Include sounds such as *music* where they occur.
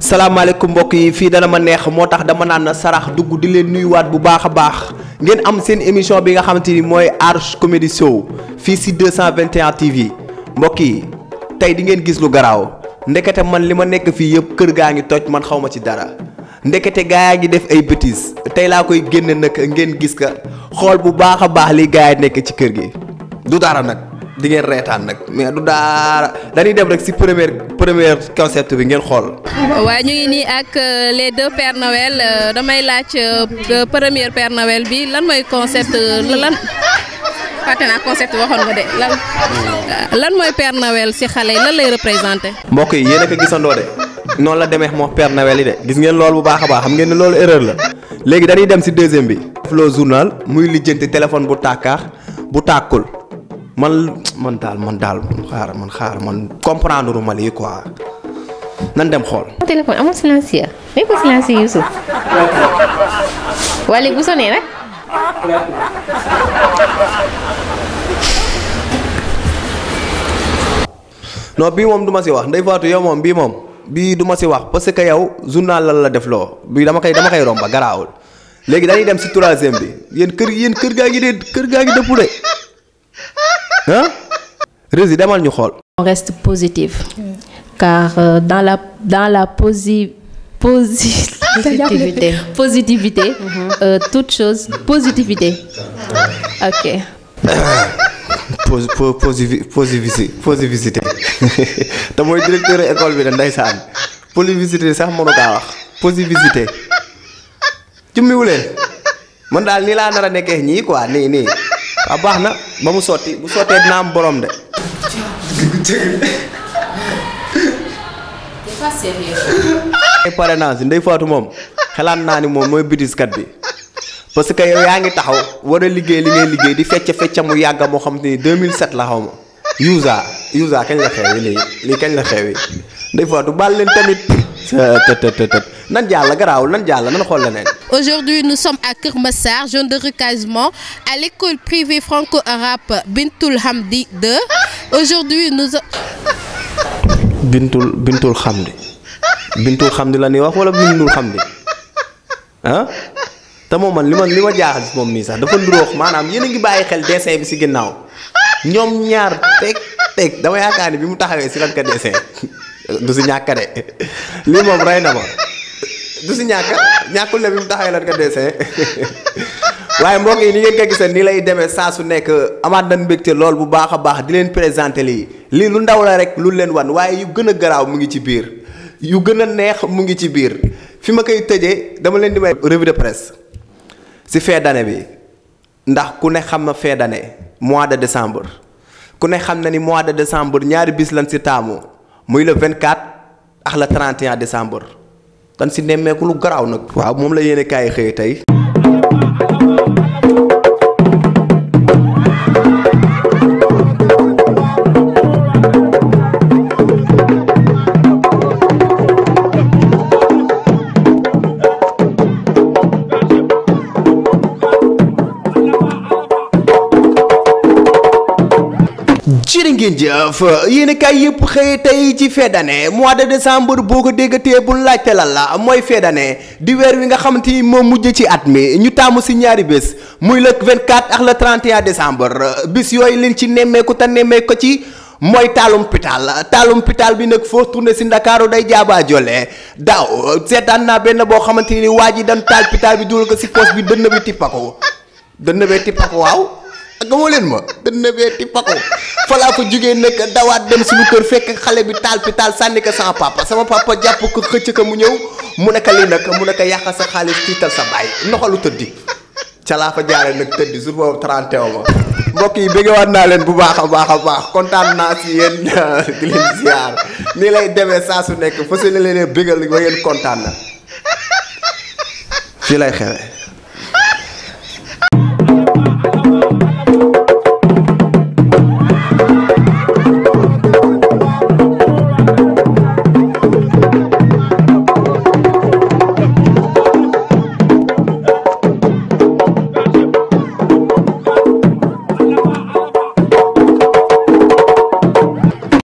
salaamaaleykum mbokk yi fii dana ma neex moo tax dama naan sarax dugg di leen nuyuwaat bu baax a baax ngeen am seen émission bi nga xamante ni mooy Arche Comédie Show fii si 221 TV. mbokki tay di ngeen gis lu garaaw ndekete man lima nek fi yeb keur gaangi toj man xawma ci dara ndekete gaa def ay bêtises tay la koy génne nak ngeen gis ka xol bu baax baax li gaay nek ci keur gi du dara nak di ngeen retane nak mais du dara dañi dem rek si premier premier concept bi ngeen xol wa ñu ngi ni ak euh, les deux Père Noël euh, damay lacc euh, premier Père Noël bi lan moy concept lan. fàtte naa concept waxoon nga de lan mooy Père nawel ci xale yi lan lay représenté. mbokk yi yéen a ko gisandoo de noonu la demee moom Père Noël yi de gis ngeen loolu bu baax a baax xam ngeen ne loolu erreur la léegi dañuy dem ci deuxième bi. Flo journal muy lijjanti téléphone bu tàkkaax bu tàkkul man man daal man daal man xaar man xaar man comprendre ma lii quoi. nan dem xool. téléphone amul silencieux. lépp silencieux Youssouf. wala bu sonné rek. *laughs* non bii moom duma ci wax ndey Fatou yow moom bii moom bii duma ci wax parce que yow journal lan la def loo bii dama koy dama koy romba garaawul léegi dañuy dem si troisième bi yéen kër yéen kër gaa ngi kër gaa ngi de ah demal ñu xool. positif car euh, dans la dans la posi positivité. positivité. Mhm. Euh, toute chose. Positivité. Ok. positivité positivité *laughs* te directeur école bi Positivité, positivité sax mënu kaa wax positivité tu me man daal nii laa quoi ni ni ah, ba mu soti, bu borom pas sérieux *laughs* pare naa ndey faatu mom xalaat naa ni moom mooy bitiskat bi parce que yow yaangi taxaw war a liggéey li ngay liggéey di fecce fecce mu yàgg moo xam te 2007 la xawma ma Yuusa Yuusa kañ la xewi lii li kañ la xewi ndey faatu baal leen tamit nan jàll garaawul nan jàll nan Aujourd'hui, nous sommes à Kirmassar, jeune zone de recasement, à l'école privée franco-arabe Bintoul Hamdi 2. Aujourd'hui, nous Bintoul Bintoul Hamdi bintul xam di la ni wax wala bindul xam di ah te moom man li ma li ma jaaxal moom mii sax dafa nduróox maanaam yéen a ngi bàyyi xel dessin bi si ginnaaw ñoom ñaar teg teg dama yaakaar ni bi mu taxawee si lan ka dessin du si ñàkk de lii moom rey na ma du ñàkk ñàkkul ne bi mu taxawee lan ka dessin waaye mbokk yi ni ngeen ko gisee nii lay demee saa su nekk amaat nañ mbégte lool bu baax a baax di leen présenté lii lii lu ndaw la rek lu leen wan waaye yu gën a garaaw mu ngi ci biir. yu gën a neex mu ngi ci biir fi ma koy tëjee dama leen di may revue de presse si fin d'année bi ndax ku ne xam na fin d'année mois de décembre ku ne xam na ni mois de décembre ñaari bis lañ si taamu muy le 24 ak le 31 décembre dañ si nemmeeku lu garaaw nag. waaw moom la yéene kaay xëy tey. jërë ngeen jëf yéen kay yëpp xëy tey ci fin d'année mois de décembre boo ko déggatee bu laajte lan la mooy fin d'année di weer wi nga xamante ni moo mujj ci at mi ñu taamu si ñaari bés muy le 24 ak le 31 décembre bis yooyu leen ci nemmeeku te nemmeeku ko ci. mooy taalum pitaal taalum pitaal bi nag foo tourné si ndakaaru day jaabaa jolle daaw seetaan naa benn boo xamante ni waa ji dañ taal pitaal bi dugal ko si poos bi dënn bi tippako dënn bee tippako waaw gëmoo leen ma dënn bee ti pako fa laa ko jugee nag dawaat dem suñu kër fekk xale bi taal bi taal sànni ko sama papa sama papa jàpp ko xëcc ko mu ñëw mu nekk li nag mu nekk yàq sa xaalis tiital sa baay noxalu tëddi ca laa fa jaare nag tëddi jour boobu 31 ma mbokk yi bëggewaat naa leen bu baax a baax a baax kontaan naa si yéen *laughs* di leen lay deme saa su nekk fas yéene leen bëggal ba ngeen kontaan na fii lay xewee